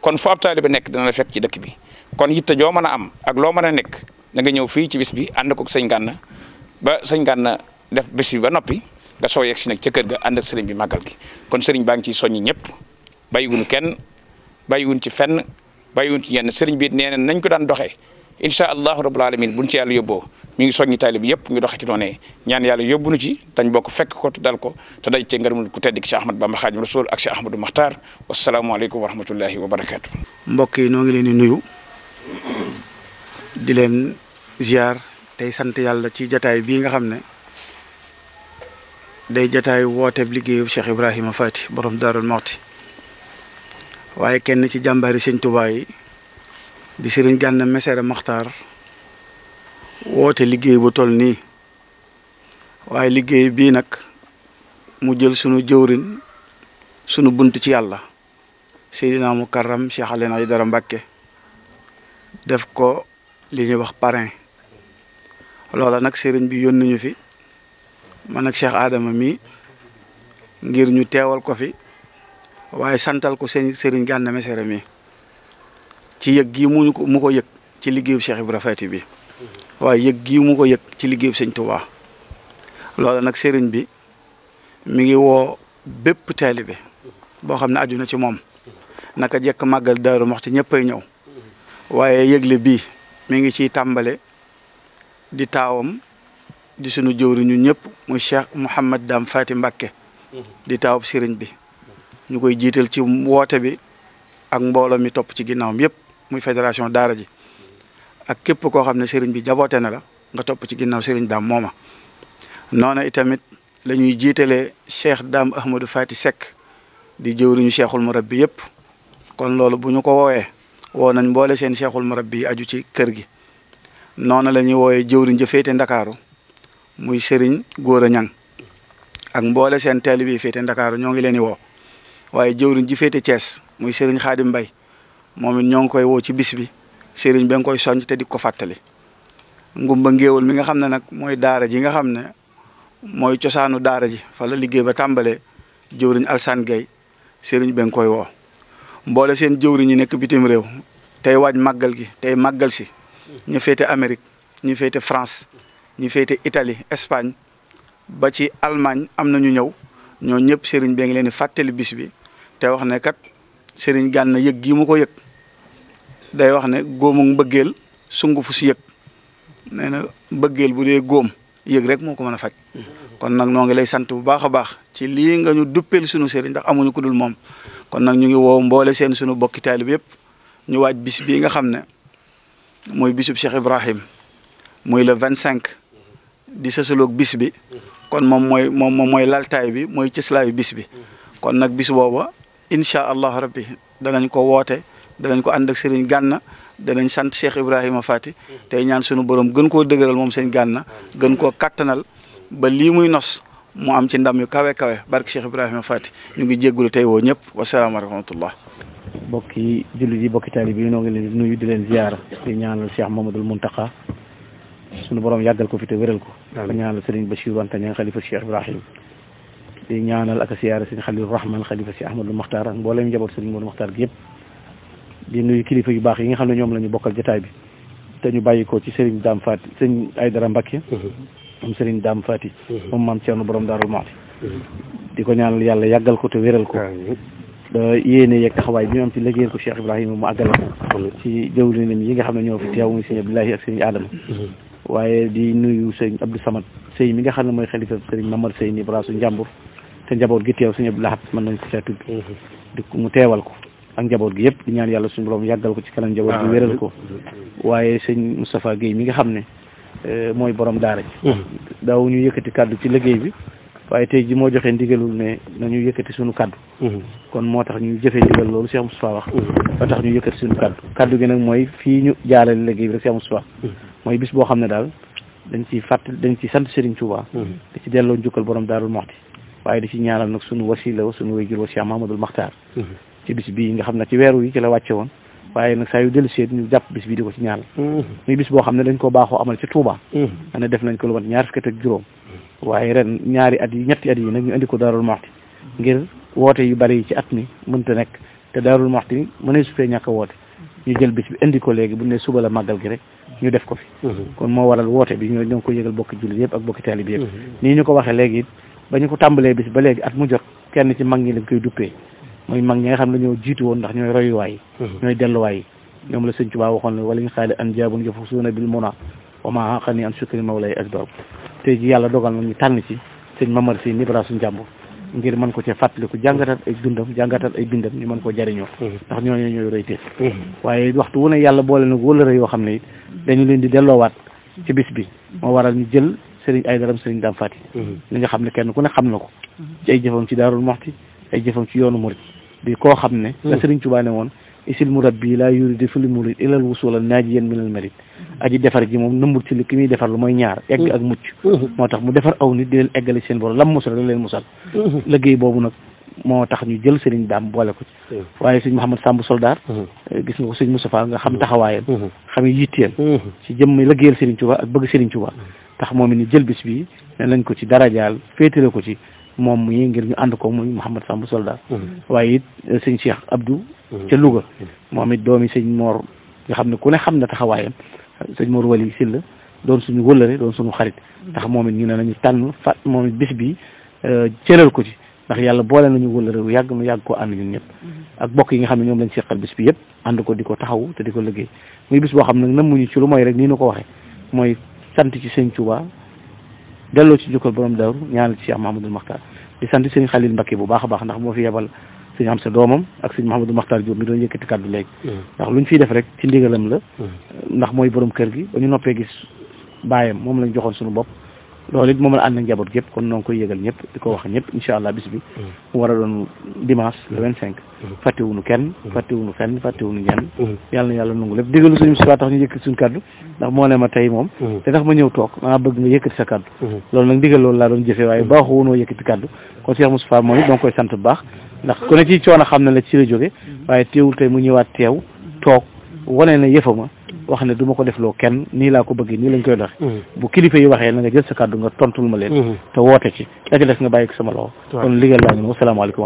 kon foo ab taalibe nekk dana la fekk ci dëkk bi kon yitte joo mën a am ak loo mën a nekk da nga ñëw fii ci bis bi ànd ko sëñ Gànna ba sëñ Gànna def bis bi ba noppi nga soo yegg si nag ca kër ga ànd ak sëriñ bi màggal gi kon sëriñ baa ngi ciy soññi ñëpp bàyyiwuñu kenn bay bàyyiwuñ ci fenn bay bàyyiwuñ ci yenn sëriñ bi nee nañ ko daan doxee incha allahu rabbul alamin buñ ci yàlla yóbboo mi ngi soññi taalib yëpp ñu doxee ci ñaan yàlla yóbbu nu ci dañ bokk fekk ko te dal ko te daj cee ngërëmul ku tedd ki Cheikh Ahmad Bamba Xaadimu Rasuul ak Cheikh Ahmadou Maxtaar wasalaamualeykum wa rahmatullahi wa barakaatu.
mbokk yi noo ngi leen di leen ziar tey sant yàlla ci jataay bii nga xam ne day jataay wooteeb liggéeyu Cheikh Ibrahima Faty borom Daarul Muxti waaye kenn ci jàmbaari Sëñ Tuubaa di sëriñ Gana Messere Maxtaar woote liggéey bu toll nii waaye liggéey bii nag mu jël sunu jëwrin sunu bunt ci yàlla Seydina Mukarram Cheikh Alioune Aïdara mbakke def ko li ñuy wax parrain loola nag sëriñ bi yónni ñu fi man ak Adama mi ngir ñu teewal ko fi waaye santal ko sëñ sëriñ Gana Messere mi ci yëg gi mu ko mu ko yëg ci liggéeyu Cheikh Ibra Faty bi waaye yëg gii mu ko yëg ci liggéeyu Sëñ Tuubaa loolu nag sëriñ bi mi ngi woo bépp bi boo xam ne aju na ci moom naka jekk màggal Daaru Muxti ñëppay ñëw waaye yëgle bi mi ngi ci tàmbale di taawam di sunu jëwriñ ñun ñëpp muy Cheikh Mouhamad Dame Faty Mbacké di taawam sëriñ bi ñu koy jiital ci woote bi ak mbooloo mi topp ci ginnaawam yëpp muy fédération daara ji ak képp koo xam ne sëriñ bi jaboote na la nga topp ci ginnaaw sëriñ daam mooma noona itamit la ñuy jiitalee cheikh daam ahmadou fati Seck di jëwriñu cheikhul murabbi yëpp kon loolu bu ñu ko woowee woo nañ mboole seen cheikhul murabbi aju ci kër gi noona la ñuy wooyee jëwriñ ja féete ndakaaru muy sëriñ góor a ñang ak mboole seen taalibe féete ndakaaru ñoo ngi leen di woo waaye jëwriñ ji féete Thiès muy sëriñ xaadim mbay moom ñoo ngi koy woo ci bis bi sëriñ ba te di ko fàttali ngumba ngéewal mi nga xam ne nag mooy daara ji nga xam ne mooy cosaanu daara ji fala liggéey ba tàmbalee jëwriñ Alsaan Gay sëriñ ba nga koy woo mboole seen jëwriñ nekk bitim réew tey waaj màggal gi tey màggal si ñu féete Amérique ñu féete France ñu féete itali Espagne ba ci Allemagne am na ñu ñëw ñoo ñëpp sëriñ bee ngi leen di fàttali bis bi te wax ne kat sëriñ Gana yëg gii mu ko yëg day wax ne góomu mbëggeel sungufu si yëg nee na mbëggeel bu dee góom yëg rek moo ko mën a faj kon nag noo ngi lay sant bu baax a baax ci lii nga ñu duppeel sunu sëriñ ndax amuñu ku dul moom kon nag ñu ngi woo mboole seen sunu bokki taalib yëpp ñu waaj bis bii nga xam ne mooy bisub Cheikh Ibrahim muy le cinq di sësaloog bis bi kon moom mooy moom moom mooy laltaay bi mooy cëslaayu bis bi kon nag bis booba incha allah rabbi danañ ko woote danañ ko ànd ak sëriñ Gànna danañ sant Cheikh Ibrahima Fati tey ñaan sunu boroom gën koo dëgëral moom sëñ Gànna gën koo kattanal ba lii muy nos mu am ci ndam yu kawe kawe barke Cheikh Ibrahima Fati ñu ngi jéggulu tey woo ñëpp wasalaama rahmatullah
bokki jullit yi bokki taalibe yi noo ngi leen di nuyu di leen ziyaara di ñaanal Cheikh Mamadul Muntaqa sunu borom yàggal ko fi te wéral ko di ñaanal sëriñ Bachir Wanta ñaan xalifa Cheikh Ibrahima di ñaanal ak a siyaara sëriñ Xalilu a xalifa si Ahmadul Maxtaar ak mbooleem njaboot sëriñ Moodu Maxtaar gi yëpp di nuyu kilifa yu baax yi nga xam ne ñoom la ñu bokkal jotaay bi te ñu bàyyi ko ci Serigne Dame Fati Serigne Aydara Mbacké am mm-hmm. Serigne Dame Fati mm-hmm. moom maam Thierno borom Darou Mouhty
mm-hmm.
di ko ñaanal yàlla yàggal ko te wéral ko da yéene yeeg taxawaay bi ñu am ci liggéeyal ko Cheikh Ibrahima mu àggale ko ci jëwlinam yi nga xam ne ñoo fi teew muy sëñ Abdoulahi ak sëñ Adama waaye di nuyu sëñ Abdou Samad sëy mi nga xam ne mooy xalifa sëriñ Mamad sëy ni brasu njàmbur te njaboot gi teew sëñ Abdoulahat mën nañ si sa tudd di mu teewal ko ak njaboot gi yëpp di ñaan yàlla suñu borom yàggal ko ci kanam njaboot gi wéral ko waaye sëñ Moustapha Guèye mi nga xam ne euh, mooy borom daara ji hmm. daaw ñu yëkkati kàddu ci liggéey bi waaye tey ji moo joxe ndigalul ne nañu yëkkati suñu kàddu hmm. kon moo tax ñu jëfee ndigal loolu Cheikh Moustapha wax hmm. ba tax ñu yëkkati suñu kàddu kàddu gi nag mooy fii ñu jaarale liggéey bi rek Cheikh Moustapha mooy bis boo xam ne daal dañ ci fàtt dañ ci sant Serigne Touba di ci delloo njukkal borom daarul moxti waaye di ci ñaanal nag suñu wasila suñu wayjur wa Cheikh ci bis bii nga xam ne ci weer wi ci la wàcce woon waaye nag saa yu dellu seet ñu jàpp bis bii di ko ci ñaanal mm-hmm. muy bis boo xam ne dañ ko baaxoo amal ci Touba ana mm-hmm. def nañ ko lu mat ñaar ngir woote yu bari yi ci at mi mënta nekk te Daarul Muxti mënee su fee ñàkk a woote ñu jël bis bi indi ko léegi bu ne suba la màggal gi rek ñu def ko fi mm-hmm. kon moo waral woote bi ñoo ñoo ko yëgal bokki jullit yëpp ak bokki taalibe nii ñu ko waxee léegi ba ñu ko mooy mag ñi nga xam ne ñoo jiitu woon ndax ñooy royuwaay mhm. ñooy delluwaay ñoom la sëñ Tuubaa waxoon ne wala ñu xaali an jaabun yafusuuna bil muna wa maa xaqani an sukri mawlay asbab tey ji yàlla dogal na ñu tànn ci sëñ Mamar Si Nibrasu Njàmb ngir mën ko ci fàttaliku jàngatat ay dundam jàngatat ay bindam ñu mën koo jariñoo mhm. ndax ñooñu ñooy roy téef mhm. waaye waxtu wu ne yàlla boole na wëlëre yoo xam ne it dañu leen di delloowaat ci bis bi moo waral ñu jël sëriñ ay daram sëriñ daam fàtti li nga ne kenn ku ne ko ci ay jëfam ci daarul moxti ay jëfam ci di koo xam ne la hmm. Sëriñ Tuubaa ne woon isil murabbi laa yuridu fil murid ilal wusula naajiyan minal marid hmm. aji defar ji moom nëmbul ci li ki muy defar lu mooy ñaar egg hmm. ak mucc moo tax mu defar aw nit di leen eggale seen borom lam musal rek leen musal liggéey boobu nag moo tax ñu jël sëriñ daam boole ko ci waaye sëñ Mouhamed eh, nga ko sëñ Moustapha nga xam taxawaayam xam yitteem ci jëmm liggéeyal sëriñ Tuubaa ak bëgg sëriñ Tuubaa tax moom it ni jël bis bi ne nañ ko ci darajaal féetale moom mii ngir ñu ànd ko muy Mouhamad Samb soldat mm-hmm. waaye it euh, sëñ Cheikh Abdou
mm-hmm. ca Louga mm-hmm.
moom it doomi sëñ Mor nga xam ne ku ne xam na taxawaayam sëñ Mor Wali Sylla doon suñu wëllëre doon suñu xarit ndax moom it ñu ne nañu tànn fat moom it bis bi euh, cëral ko ci ndax yàlla boole nañu wëllëre wu yàgg nu yàgg ko ànd ñun ñëpp ak bokk yi nga xam ne ñoom lañ seqal bis bi yëpp ànd ko di ko taxaw te di ko liggéey muy bis boo xam nag namuñu ci lu mooy rek nii nu ko waxee mooy sant ci sëñ Touba delloo ci jukkal borom daaru ñaanal ci Cheikh Mahamadul Maxtaar di sant sëñ Xalil Mbakke bu baax a baax ndax moo fi yebal sëñ am sa doomam ak sëñ Mahamadul Maxtaar Diop mi doon yëkkati kàddu léegi mm. ndax lu ñu fiy def rek ci ndigalam la
mm.
ndax mooy boroom kër gi ba ñu noppee gis bàyyam moom lañ joxoon sunu bopp loolu it moom la ànd ak njaboot yëpp kon noo ngi koy yëgal ñëpp di ko wax ñëpp incha allah bis bi mm. mu war a doon dimanche le mm. vingt cinq mm. fàttewuñu kenn fàttewuñu fenn fàttewuñu ñenn yàlla yàlla nangu lépp déggalu suñu suwaa tax ñu yëkkati suñu kaddu ndax moo ne ma tey moom te tax ma ñëw toog maa bëgg nga yëkkati sa kaddu loolu nag ndigal loolu laa doon jëfee waaye baaxuwunoo yëkkati kaddu kon Cheikh Moustapha moom it doo koy sant baax ndax ku ne ci coono la ci la jóge waaye teewul tey mu ñëwaat wax ne du ma ko defloo kenn nii laa ko bëggee nii lañ koy doxe mm-hmm. bu kilifa yi waxee na nga jël sa kàddu nga tontul ma leen mm-hmm. te woote ci la ca des nga bàyyi ko sama loxo kon liggéey baa ngi noonu wasalaamaaleykum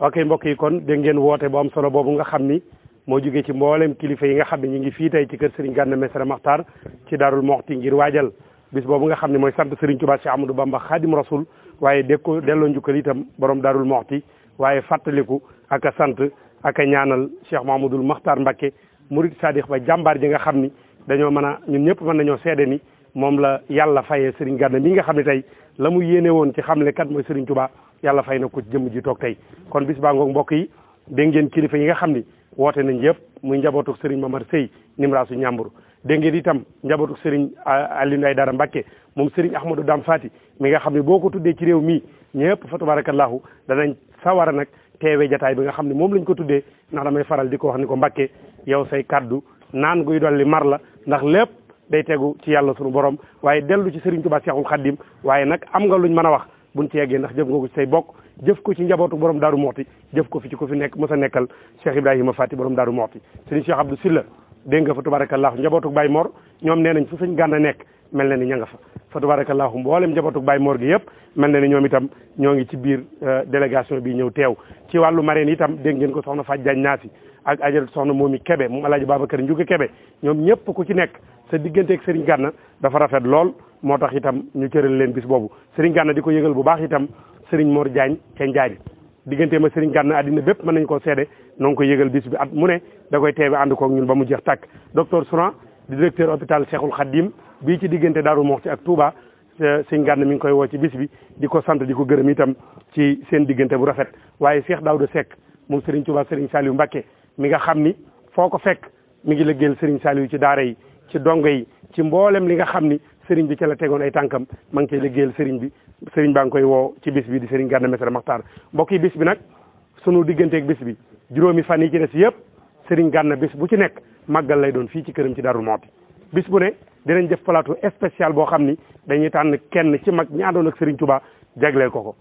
wa mbokk yi kon dégg ngeen woote bu am solo boobu nga xam ni moo jógee ci mboolem kilifa yi nga xam ne ñu ngi fii tey ci kër Serigne Ganna Messere Makhtar ci Darou Mouhty ngir waajal bis boobu nga xam ne mooy sant Serigne Touba Cheikh Amadou Bamba Khadim Rasoul waaye de ko delloo njukkal itam borom Darou Mouhty waaye fàttaliku ak sant ak a ñaanal Cheikh Mahmoudul Makhtar Mbacké murid sadix ba jàmbaar ji nga xam ni dañoo mën a ñun ñëpp mën nañoo seede ni moom la yàlla fayee Serigne Gana mi nga xam ne tey la mu yéene woon ci xamle kat mooy Serigne Touba yàlla fay na ko jëmm ji toog tey kon bis baa ngoog mbokk yi dégg ngeen kilifa yi nga xam ni woote nañ yëpp muy njabootuk Serigne Mamar Sey Nimraasu Ñambur dégg ngeen itam njabootuk Serigne ah, Alioune dara Mbacké moom Serigne Ahmadou Dam Fati mi nga xam ne boo ko tuddee ci réew mii ñëpp fa tabarakallahu danañ sawara nag teewee jataay bi nga xam ne moom lañ ko tuddee ndax damay faral di ko wax ni ko mbakke yow say kaddu naan guy li mar la ndax lépp day tegu ci yàlla sunu borom waaye dellu ci Serigne Touba Cheikhoul Khadim waaye nag am nga lu luñ mën a wax bu ci teegee ndax jëf nga ko ci say bokk jëf ko ci njabootu borom daaru moxti jëf ko fi ci ko fi nekk mos a nekkal Cheikh Ibrahima Fati borom daaru moxti Serigne Cheikh Abdou Silla dégg nga fa tubaarakallahu njabootug Baay moor ñoom nee nañ fu sëñ Gana nekk mel na ni ña nga fa fa tubaarakallahu mboolem njabootug Baay moor gi yëpp mel na ni ñoom itam ñoo ngi ci biir euh, délégation bi ñëw teew ci wàllu marraine itam dégg ngeen ko soxna Faj Jaañ Naasi ak ajal soxna Momi Kebe moom Alaaji Babacar Njuga Kebe ñoom ñëpp ku ci nekk sa digganteeg Serigne gànna dafa rafet lool moo tax itam ñu cëral leen bis boobu Serigne Gana di ko yëgal bu baax itam Serigne Mor Diagne ca Njaañ digganteem ak sëriñ Gana àddina bépp mën nañ koo seede noo ko koy yëgal bis bi at mu ne da koy teewe ànd koog ñun ba mu jeex tàkk docteur Souran di directeur hôpital Cheikhul Khadim bii ci diggante Daaru Moxti ak Touba sëñ Gana mi ngi koy woo ci bis bi di ko sant di ko gërëm itam ci seen diggante bu rafet waaye Cheikh Daouda Seck moom sëriñ Touba sëriñ Saliou Mbacké mi nga xam ni foo ko fekk mi ngi liggéeyal sëriñ Saliou ci daara yi ci dongo yi ci mboolem li nga xam ni sëriñ bi ca la tegoon ay tànkam ma ngi koy liggéeyal sëriñ bi sëriñ baa ngi koy woo ci bis bi di sëriñ Gana Messere Maxtaar mbokk yi bis bi nag sunu digganteeg bis bi juróomi fan yi ci si yëpp sëriñ Gana bis bu ci nekk màggal lay doon fii ci këram ci Darou Mouhty bis bu ne dinañ def plateau spécial boo xam ni dañuy tànn kenn ci mag ñi àndoon ak sëriñ Touba jagleel ko ko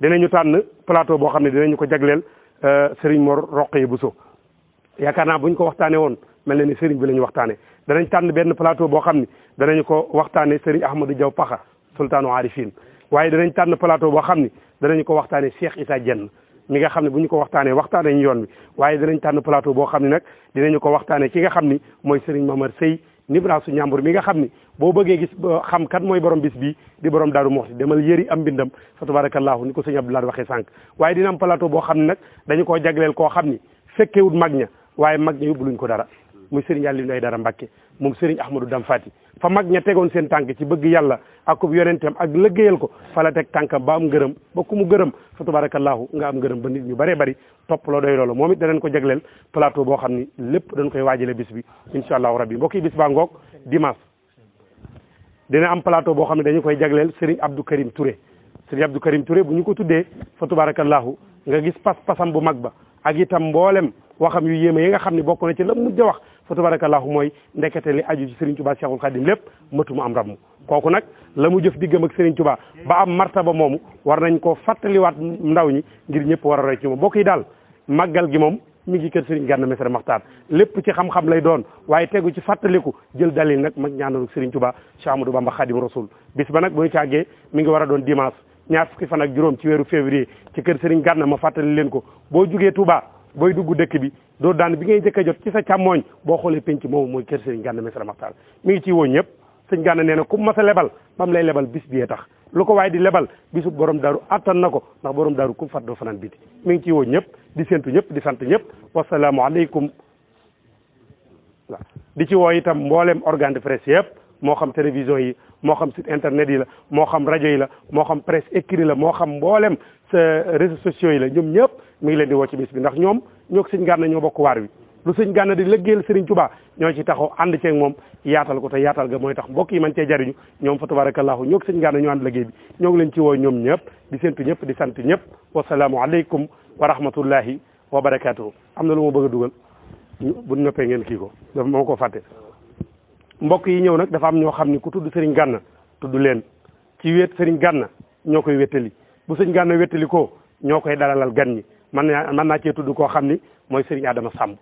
dinañu tànn plateau boo xam ne dinañu ko jagleel sëriñ yi bu Bousso yaakaar naa buñ ko waxtaanee woon mel na ni sëriñ bi lañu ñu waxtaanee danañ tànn benn plateau boo xam ni danañu ko waxtaanee sëriñ Ahmadou Diaw Paxa sultaanu Arifin waaye danañ tànn palaato boo xam ne danañ ko waxtaanee Cheikh Issa Diène mi nga xam ne bu ñu ko waxtaanee waxtaanee ñu yoon bi waaye danañ tànn plateau boo xam ne nag dinañu ko waxtaanee ki nga xam ni mooy Serigne Mamar Sey Nibrasu Ñambur mi nga xam ni boo bëggee gis xam kan mooy borom bis bii di borom Daaru Muxti demal yëri am mbindam fa tabarakallahu ni ko sëñ Abdoulaye waxee sànq waaye dina am boo xam ne nag dañu koo jagleel koo xam ni fekkewut mag ña waaye mag ña yóbbuluñ ko dara muy Serigne Aliou Ndeye Dara Mbacke moom Serigne Ahmadou Dam Fati fa mag ña tegoon seen tànk ci bëgg yàlla akub yonentam ak lëggéeyal ko fa la teg tànkam ba am ngërëm ba ku mu gërëm fa nga am ngërëm ba nit ñu bëree bëri topp la doy loolu moom it danañ ko jagleel plateau boo xam ni lépp dañ koy waajale bis bi incha allahu rab mbokk yi bis baa ngoog dimanche dina am plateau boo xam ne dañu koy jagleel Serigne Abdou Karim Touré Serigne Abdou Karim ture bu ñu ko tuddee fa tabarakallahu nga gis pas-pasam bu mag ba ak itam mboolem waxam yu yéeme yi nga xam ne bokk na ci la mujj fa tabarakallahu mooy ndekete li aju ci Serigne Touba Cheikhul Khadim lépp matu mu am ramm kooku nag la mu jëf diggam ak Serigne Touba ba am ba moom war nañ koo fàttaliwaat ndaw ñi ngir ñëpp war a roy ci moom bokk yi daal màggal gi moom mi ngi kër Serigne Ganna Messere Maxtaar lépp ci xam-xam lay doon waaye tegu ci fàttaliku jël dalil nag mag ñaanalu Serigne Touba Cheikh Amadou Bamba Khadim Rasoul bis ba nag bu ñu càggee mi ngi war a doon dimanche ñaar fukki fan ak juróom ci weeru février ci kër Serigne Ganna ma fàttali leen ko boo jugee Touba booy dugg dëkk bi doo daan bi ngay njëkk a jot ci sa càmmooñ boo xoolee penc moomu mooy kër sëriñ Gana Messere Maxtaar mi ngi ciy woo ñëpp sëñ Gana nee na ku mas a lebal ba mu lay lebal bis biyee tax lu ko waaye di lebal bisu borom daaru attan na ko ndax borom daaru ku fat doo fanaan biti mi ngi ciy woo ñëpp di séntu ñëpp di sant ñëpp wasalaamualeykum di ci woo itam mboolem organe de presse yëpp moo xam télévision yi moo xam site internet yi la moo xam rajo yi la moo xam presse écrite la moo xam mboolem sa réseaux sociaux yi la ñoom ñëpp mi ngi leen di woo ci bis bi ndax ñoom ñoo sëñ Gana ñoo bokk waar wi lu sëñ Gana di lëggeel Serigne Touba ñoo ci taxaw ànd ceeg moom yaatal ko te yaatal ga mooy tax mbokk yi man cee jariñu ñoom fa tabarakallahu ñoo sëñ Gana ñoo ànd liggéey bi ñoo ngi leen ci woo ñoom ñëpp di séntu ñëpp di sant ñëpp wasalaamu aleykum wa rahmatullahi wa barakaatuhu am na lu ma bëgg a dugal bu noppee ngeen kii ko dafa ko fàtte mbokk yi ñëw nag dafa am ñoo xam ni ku tudd sëriñ gànna tudd leen ci wet sëriñ gànna ñoo koy wettali bu sëriñ gànna wettali ko ñoo koy dalalal gan ñi man naa mën naa cee tudd koo xam ni mooy sëriñ Adama Samb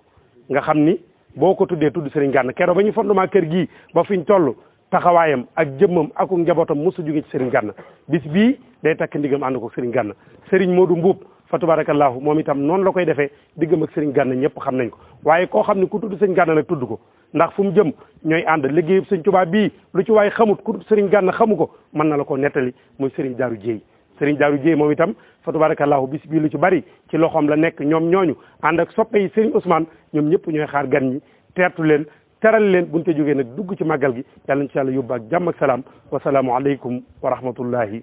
nga xam ni boo ko tuddee tudd sëriñ gànna keroog ba ñu fondement kër gi ba fi ñu toll taxawaayam ak jëmmam aku njabootam mosu jóge ci sëriñ gànna bis bii day takk ndigam ànd ko sëriñ gànna sëriñ du mbub fa tabarakallahu moom itam noonu la koy defee diggam ak sëriñ gànna ñëpp xam nañ ko waaye koo xam ne ku tudd sëñ gànna nag tudd ko ndax fu mu jëm ñooy ànd liggéeyub sëñ Tuubaa bii lu ci waaye xamut ku sëriñ gànna xamu ko mën na la ko nettali mooy sëriñ daaru jéey sëriñ daaru jéey moom itam fa tabarakallahu bis bii lu ci bari ci loxoom la nekk ñoom ñooñu ànd ak soppe yi sëriñ Ousmane ñoom ñëpp ñooy xaar gan ñi teertu leen teral leen buñu te jógee nag dugg ci màggal gi yàlla na ci yàlla yóbbu ak jàmm ak salaam wasalaamu aleykum wa rahmatullahi